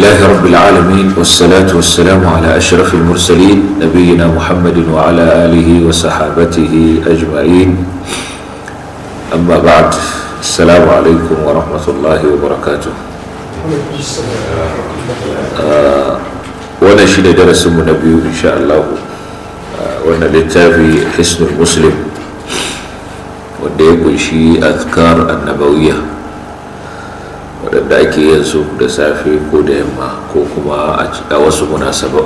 لله رب العالمين والصلاة والسلام على أشرف المرسلين نبينا محمد وعلى آله وصحابته أجمعين أما بعد السلام عليكم ورحمة الله وبركاته ونشد آه، وانا درس من نبيه إن شاء الله آه، وانا للتابي حسن المسلم وانا شيء أذكار النبوية waɗanda ake yin su da safe ko da yamma ko kuma a wasu munasabat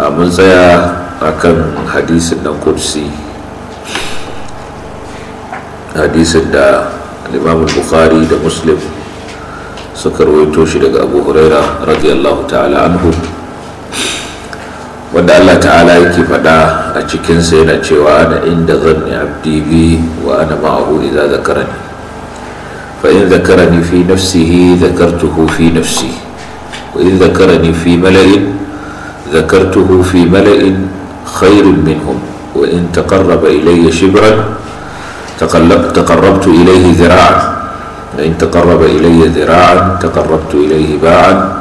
a mun tsaya a kan hadisin nan kudsi hadisin da limamin bukhari da muslim suka rawaito shi daga abu huraira radiyallahu ta'ala anhu wanda Allah ta'ala yake faɗa a cikinsa yana cewa ana inda zan abdi bi wa ana ma'ahu za zakarani فإن ذكرني في نفسه ذكرته في نفسي وإن ذكرني في ملئ ذكرته في ملئ خير منهم وإن تقرب إلي شبرا تقربت إليه ذراعا وإن تقرب إلي ذراعا تقربت إليه باعا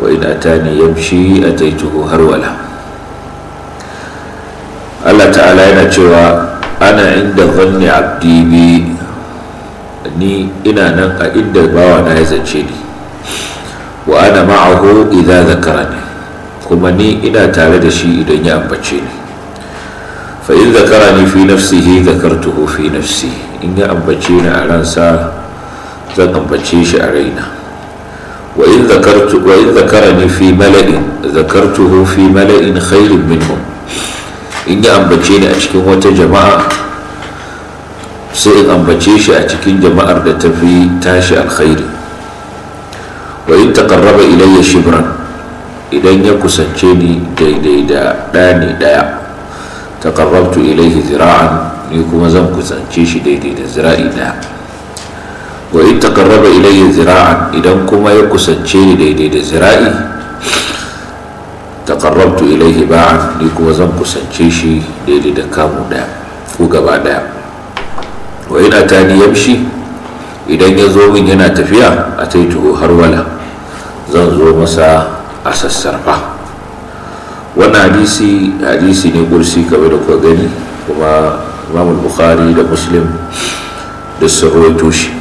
وإن أتاني يمشي أتيته هرولا الله تعالى ينجوى أنا عند ظن عبدي بي ni ina nan a inda bawa na ya zance ni wa ana ma'ahu zakara ne. kuma ni ina tare da shi idan ya ambace ni fa in zakara zakarani fi nafsihi zakartuhu fi nafsi in ya ambace ni a ransa zan ambace shi a raina wa in zakartu wa in zakarani fi mala'in zakartuhu fi mala'in khairin minhum in ya ambace ni a cikin wata jama'a sai in ambace shi a cikin jama'ar da ta fi tashi alkhairi wa in karraba ilayya shibran idan ya kusance ni daidai da ɗaya daya ɗaya taqarrabtu ilayhi zira'an ni kuma zan kusance shi daidai da zira'i ɗaya wa in karraba ilayya zira'an idan kuma ya kusance ni daidai da zira'i karrabtu ilayhi ba'an ni kuma zan kusance shi daidai da kamu ɗaya ko gaba ɗaya wa ina tani yamshi idan ya zo min yana tafiya a taituhu har wala zan zo masa a sassarfa wannan hadisi hadisi ne kursi kamar da kuka gani kuma imamul bukhari da muslim da sarwaito shi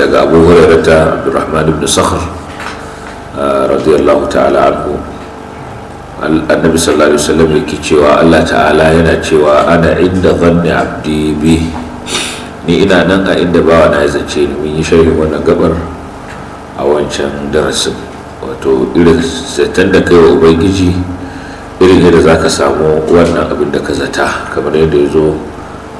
daga abu hurairata abdurrahman ibn sakhar radiyallahu ta'ala anhu annabi sallallahu alaihi wasallam yake cewa Allah ta'ala yana cewa ana inda zanni abdi bi ni ina nan a inda bawa na zance ni mun yi sharhi wannan gabar a wancan darasin wato irin zaton da kai wa ubangiji irin yadda za ka samu wannan abin da ka zata kamar yadda ya zo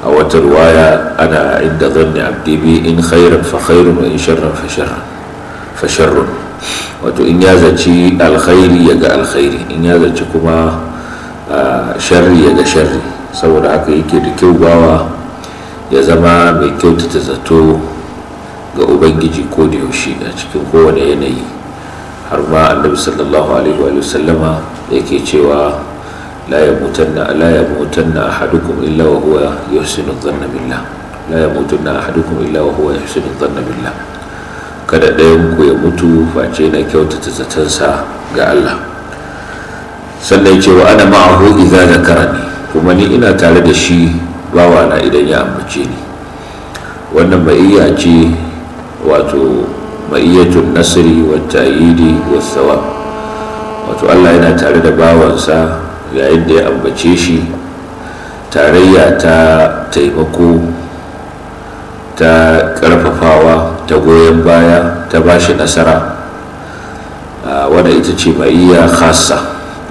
a wata ruwaya ana inda zanni abdi bi in khairan fa khairun wa in sharran fa sharran wato in ya zaci alkhairi ya ga alkhairi in ya zaci kuma sharri ya ga sharri saboda haka yake da kyau bawa ya zama mai kyautata zato ga ubangiji ko da yaushe a cikin kowane yanayi har ma annabi sallallahu alaihi wa sallama yake cewa la yamutanna la yamutanna ahadukum illa wa huwa yuhsinu dhanna billah la yamutanna ahadukum illa wa huwa yuhsinu dhanna billah kada ɗayan ku ya mutu face na kyautata sa ga Allah sannan cewa ana ma'ahu idza zakarani kuma ni ina tare da shi bawa na idan ya ambace ni wannan ma'iyya ce wato ma'iyyatun nasiri wa ta'idi wa wato Allah yana tare da bawansa yayin da ya ambace shi tarayya ta taimako ta karfafawa ta goyon baya ta ba shi nasara wadda ita ce ma'iyya khasa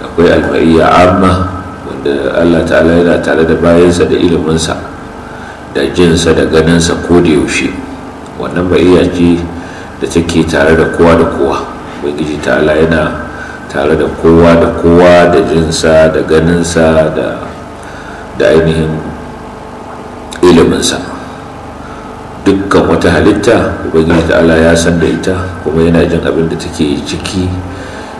akwai alma'iyya amma wanda allah ta'ala yana tare da bayansa da iliminsa da jinsa da ganinsa ko da yaushe wannan ma'iyya ce da take tare da kowa da kowa ubangiji ta'ala yana tare da kowa da kowa da jinsa da ganinsa da ainihin iliminsa dukkan wata halitta ubangiji Allah ya san da ita kuma yana jin abin da take ciki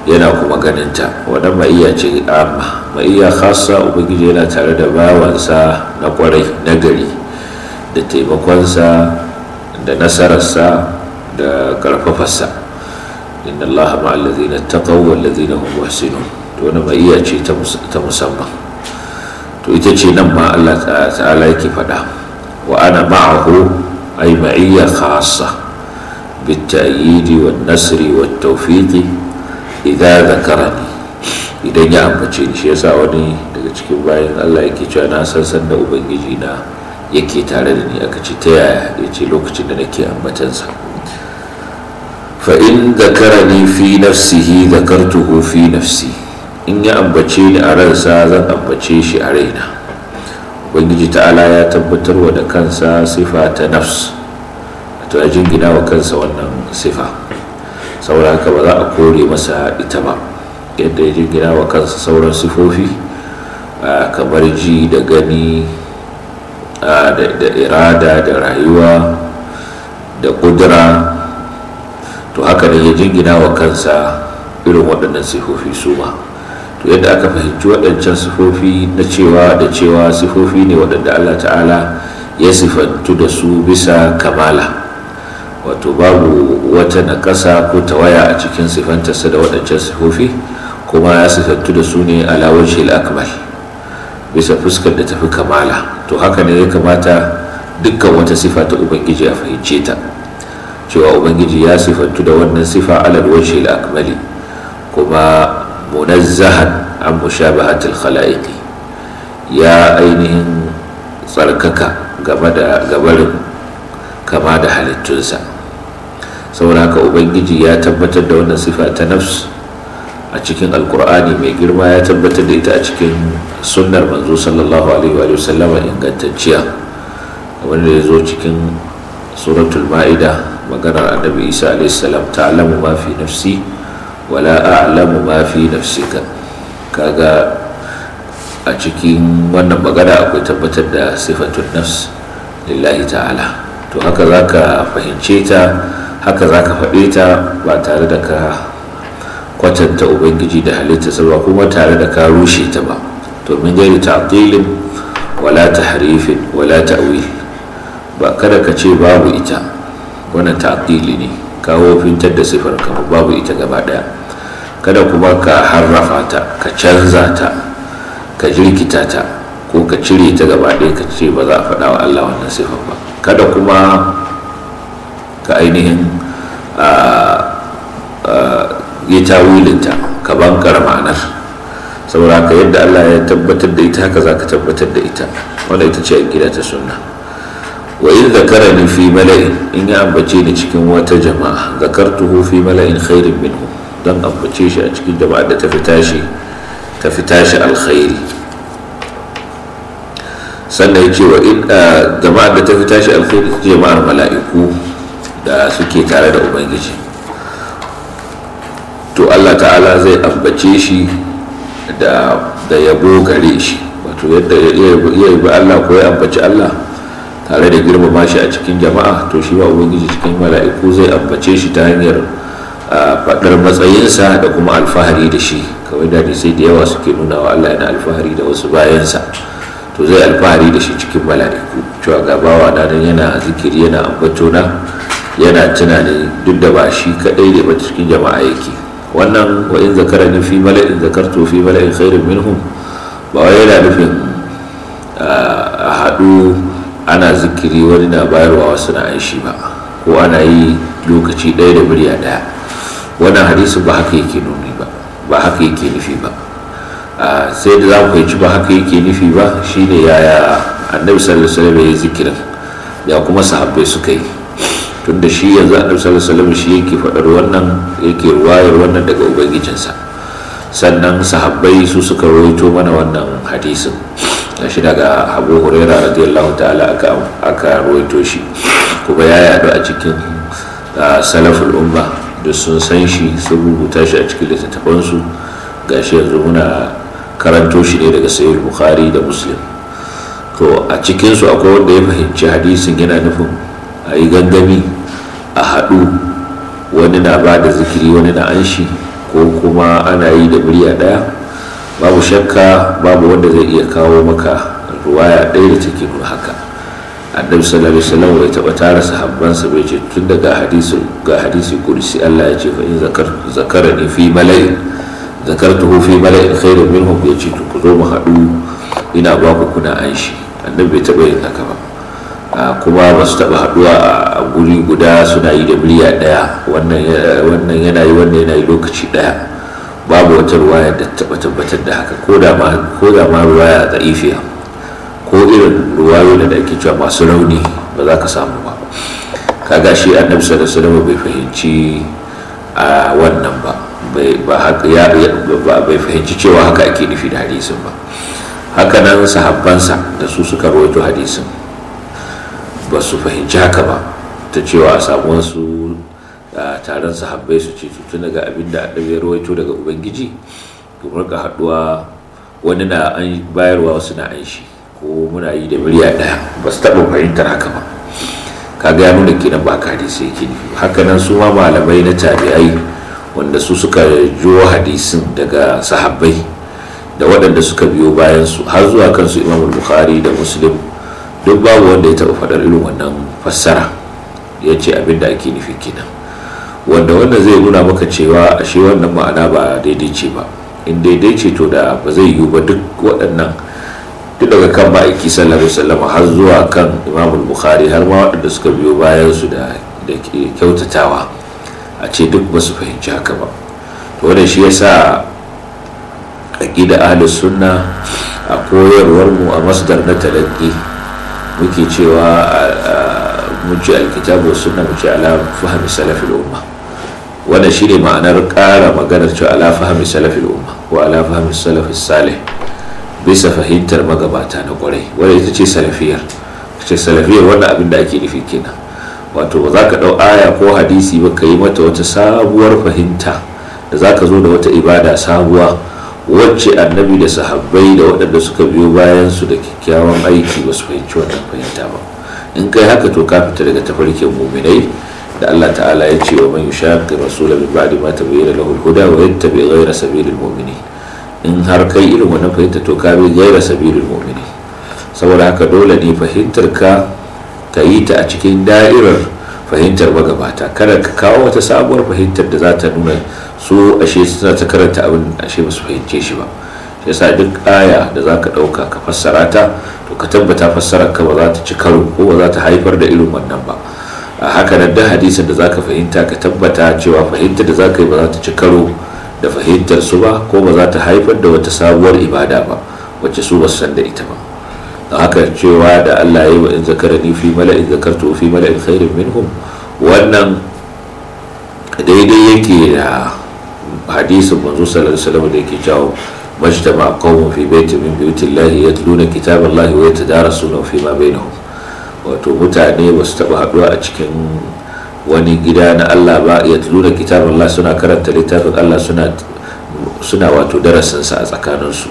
yana kuma ganinta wannan ma'iya ce amma ma'iya khassa ubangiji yana tare da bawansa na kwarai na gari da taimakonsa da nasararsa da karfafarsa inna Allah ma'al ladzina taqaw wal hum muhsinun to wannan ma'iya ce ta musamman to ita ce nan ma Allah ta'ala yake faɗa wa ana ma'ahu أي معية خاصة بالتأييد والنصر والتوفيق إذا ذكرني idan ya ambace ni shi yasa wani daga cikin bayan Allah ya cewa na san san da ubangiji na yake tare da ni aka ce ta yaya ya ce lokacin da nake ambatansa fa in zakarani fi nafsihi zakartuhu fi nafsi in ya ambace ni a ransa zan ambace shi a raina ubangiji ta'ala ya tabbatar wa da kansa sifa ta nafs to ya jingina wa kansa wannan sifa saboda haka ba za a kore masa ita ba yadda ya jingina wa kansa sauran sifofi kamar ji da gani da irada da rayuwa da kudura to haka ne ya jingina wa kansa irin waɗannan sifofi su ba. to yadda aka fahimci waɗancan sifofi na cewa da cewa sifofi ne waɗanda allah ta'ala ya sifantu da su bisa kamala wato babu wata naƙasa ko tawaya a cikin sifantarsa da waɗancan sifofi kuma ya sifantu da su ne alawar shi akmal bisa fuskar da tafi kamala to haka ne ya kamata dukkan wata sifa ta ubangiji a fahimce ta cewa ubangiji ya sifantu da wannan sifa alal shi akmali kuma munazzahan an mushabahatil khala'iqi ya ainihin tsarkaka game da gabarin kama da halittunsa sauraka ubangiji ya tabbatar da wannan sifa ta nafs a cikin alkur'ani mai girma ya tabbatar da ita a cikin sunnar manzo sallallahu alaihi wa sallama ingantacciya wanda ya zo cikin suratul ma'ida maganar annabi isa alaihi salam ta'lamu ma fi nafsi wala a'lamu ma fi nafsika kaga a cikin wannan magana akwai tabbatar da sifatun nafs lillahi ta'ala to haka zaka fahimce ta haka zaka faɗe ta ba tare da ka kwatanta ubangiji da halitta ba kuma tare da ka rushe ta ba to min gairi ta'dilin wala tahrifin wala ta'wil ba kada ka ce babu ita wannan ta'dili ne kawo fintar da sifar ka babu ita gaba daya kada kuma ka harrafa ta ka canza ta ka jirkita ta ko ka cire ta gaba daya ka ce ba za a faɗa wa Allah wannan sifar ba kada kuma ka ainihin yi tawilinta ka bankar ma'anar saboda ka yadda Allah ya tabbatar da ita haka za ka tabbatar da ita wanda ita ce a gida ta sunna wa in zakara ni fi mala'in in ya ambace ni cikin wata jama'a zakartuhu fi mala'in khairin minhu don ambace shi a cikin jama'a da ta fita shi ta fita shi alkhairi sannan ya ce wa in jama'a da ta fita shi alkhairi su jama'ar mala'iku da suke tare da ubangiji to Allah ta'ala zai ambace shi da yabo gare shi wato yadda ya yi Allah ko ya ambaci Allah tare da girmama shi a cikin jama'a to shi ma ubangiji cikin mala'iku zai ambace shi ta hanyar faɗar matsayinsa da kuma alfahari da shi kawai da sai da yawa suke nuna wa allah yana alfahari da wasu bayansa to zai alfahari da shi cikin mala'iku cewa gabawa na dan yana zikiri yana ambato na yana tunani duk da ba shi kadai ne ba cikin jama'a yake wannan wa in zakara ni fi mala'in zakartu fi mala'in khairin minhum ba wai yana nufin a haɗu ana zikiri wani na bayarwa wasu na aishi ba ko ana yi lokaci ɗaya da murya ɗaya wannan hadisi ba haka yake nuni ba ba haka yake nufi ba sai da za ku fahimci ba haka yake nufi ba shine yaya annabi sallallahu alaihi wasallam ya zikirin ya kuma sahabbai suka yi tunda shi yanzu annabi sallallahu alaihi wasallam shi yake faɗar wannan yake ruwayar wannan daga ubangijinsa sannan sahabbai su suka rawaito mana wannan hadisin shi daga abu huraira radiyallahu ta'ala aka ruwaito shi kuma ya yadu a cikin salaful umma da sun san shi sun rubuta shi a cikin littattafansu ga shi yanzu muna karanto shi ne daga sayar bukhari da muslim to a cikinsu akwai wanda ya fahimci hadisin yana nufin a yi gangami a haɗu wani na ba da zikiri wani na an ko kuma ana yi da murya ɗaya babu shakka babu wanda zai iya kawo maka ruwaya ɗaya da take nuna haka annabi sallallahu alaihi wasallam ya taba tara sahabbansa bai ce tun daga hadisi ga hadisi kursi Allah ya ce fa in zakar ni fi mala'in hu fi malai khairun minhum ya ce ku zo mu haɗu ina ba ku kuna aishi annabi bai taba yin haka ba kuma ba su taba haɗuwa a guri guda suna yi da miliya ɗaya wannan yana yi wannan yana yi lokaci ɗaya babu wata ruwaya da taba tabbatar da haka ko da ma ruwaya da ifiya ko irin ruwayo da ake cewa masu rauni ba za ka samu ba kaga shi annabi sallallahu alaihi bai fahimci a wannan ba ya bai fahimci cewa haka ake nufi da hadisin ba haka nan sahabbansa da su suka rawaito hadisin ba su fahimci haka ba ta cewa a samu wasu taron sahabbai su ce tun daga abin da annabi ya rawaito daga ubangiji ku ga haduwa wani na bayarwa wasu na an shi ko muna yi da murya daya ba su taɓa fahimtar haka ba ka gaya nuna kenan ba ka hadisi yake nufi haka su ma malamai na tabi'ai wanda su suka jo hadisin daga sahabbai da waɗanda suka biyo bayan su har zuwa kansu imamul bukhari da muslim duk babu wanda ya taɓa faɗar irin wannan fassara ya ce abin da ake nufi kenan wanda wannan zai nuna maka cewa ashe wannan ma'ana ba daidai ce ba in daidai ce to da ba zai yiwu ba duk waɗannan duk daga kan ma'aiki sallallahu alaihi har zuwa kan imamul bukhari har ma waɗanda suka biyo bayan su da kyautatawa a ce duk ba su fahimci haka ba to wannan shi yasa gida ahlus sunna a koyarwar mu a masdar na talaki muke cewa mu ci alkitabu sunna mu ci ala fahmi salafin umma wannan shine ma'anar kara maganar cewa ala fahmi salafil umma wa ala fahmi salafis salih bisa fahimtar magabata na kwarai wanda ita ce salafiyar ce salafiyar wannan abin da ake nufi kenan wato ba za ka ɗau aya ko hadisi ba ka yi mata wata sabuwar fahimta da za ka zo da wata ibada sabuwa wacce annabi da sahabbai da waɗanda suka biyo bayan su da kyakkyawan aiki ba su fahimci wannan fahimta ba in kai haka to ka fita daga tafarkin muminai da Allah ta'ala ya ce wa man yushaqi rasula min ba'di ma tabayyana lahu al-huda wa yattabi ghayra sabilil mu'minin in har kai irin wannan fahimta to ka bi ghayra sabilil mu'minin saboda haka dole ne fahimtar ka ka yi ta a cikin da'irar fahimtar magabata kada ka kawo wata sabuwar fahimtar da za ta nuna su ashe suna ta karanta abin ashe ba su fahimce shi ba shi yasa duk aya da za ka ɗauka ka fassara ta to ka tabbata fassarar ka ba za ta ci karo ko ba za ta haifar da irin wannan ba a haka nan duk hadisin da zaka fahimta ka tabbata cewa fahimtar da zaka yi ba za ta ci karo da fahimtar su ba ko ba za ta haifar da wata sabuwar ibada ba wacce su ba san da ita ba don haka cewa da Allah ya yi wa in ni fi mala'in zakartu fi mala'in khairin minhum wannan daidai yake da hadisin manzo sallallahu alaihi wasallam da yake jawo majtama qawmun fi baitin min buyutillahi yatluna kitaballahi wa yatadarasuna fi ma bainahum wato mutane ba su taɓa haɗuwa a cikin wani gida na Allah ba ya da kitabun Allah suna karanta littafin Allah suna wato darasinsa a tsakaninsu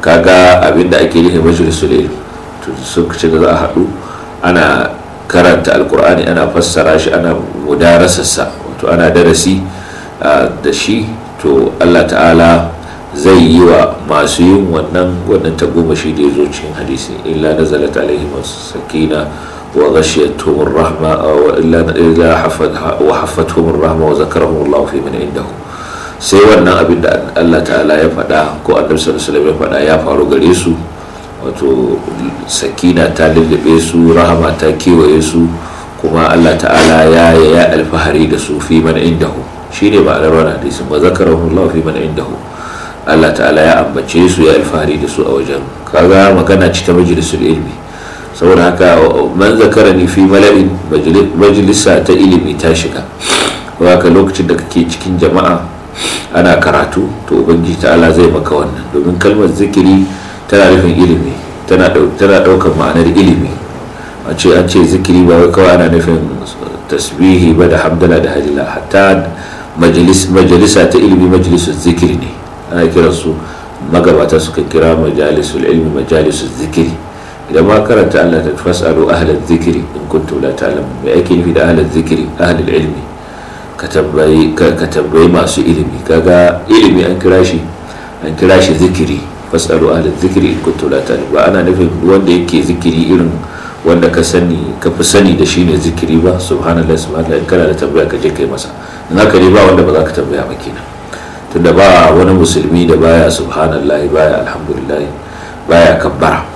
kaga abinda ake nufi majalisul ilm sun ci za a haɗu ana karanta alkur'ani ana fassara shi ana mudarasarsa wato ana darasi ah, da shi to Allah ta'ala zai yi wa masu yin wannan goma shi da ya zo cikin hadisi illa na alaihi masu sakina wa rahma wa illa wa rahma wa Allah fi sai wannan abin da Allah ta'ala ya faɗa ko sallallahu alaihi ya faɗa ya faru gare su wato sakina ta lullube su rahama ta kewaye su kuma Allah ta'ala ya ya alfahari da su fi hadisin Allah fi Allah ta'ala ya ambace su ya alfahari da su a wajen kaga magana ci ta majalisar ilimi. saboda haka man zakarani fi mala'in majalisa ta ilimi ta shiga haka lokacin da kake cikin jama'a ana karatu to ubangiji ta'ala zai maka wannan domin kalmar zikiri tana nufin ilimi tana ɗaukar ma'anar ilimi a ce an ce zikiri ba wai kawai ana nufin tasbihi ba da hamdala da halila hatta majalisa ta ilimi majalisar zikiri ne ana kiransu magabata suka kira majalisul ilmi majalisul zikiri idan ma karanta Allah ta fasalu ahlal zikiri in kuntum la ta'lamun me ake nufi da ahlal zikiri ahlul ilmi ka tambayi masu ilimi kaga ilimi an kira shi an kira shi zikiri fasalu ahlal zikiri in kuntum la ta'lamun ba ana nufin wanda yake zikiri irin wanda ka sani ka fi sani da shine zikiri ba subhanallahi subhanallahi kana da tambaya ka je kai masa in haka ne ba wanda ba za ka tambaya ba kenan tunda ba wani musulmi da baya subhanallahi baya alhamdulillah baya kabbara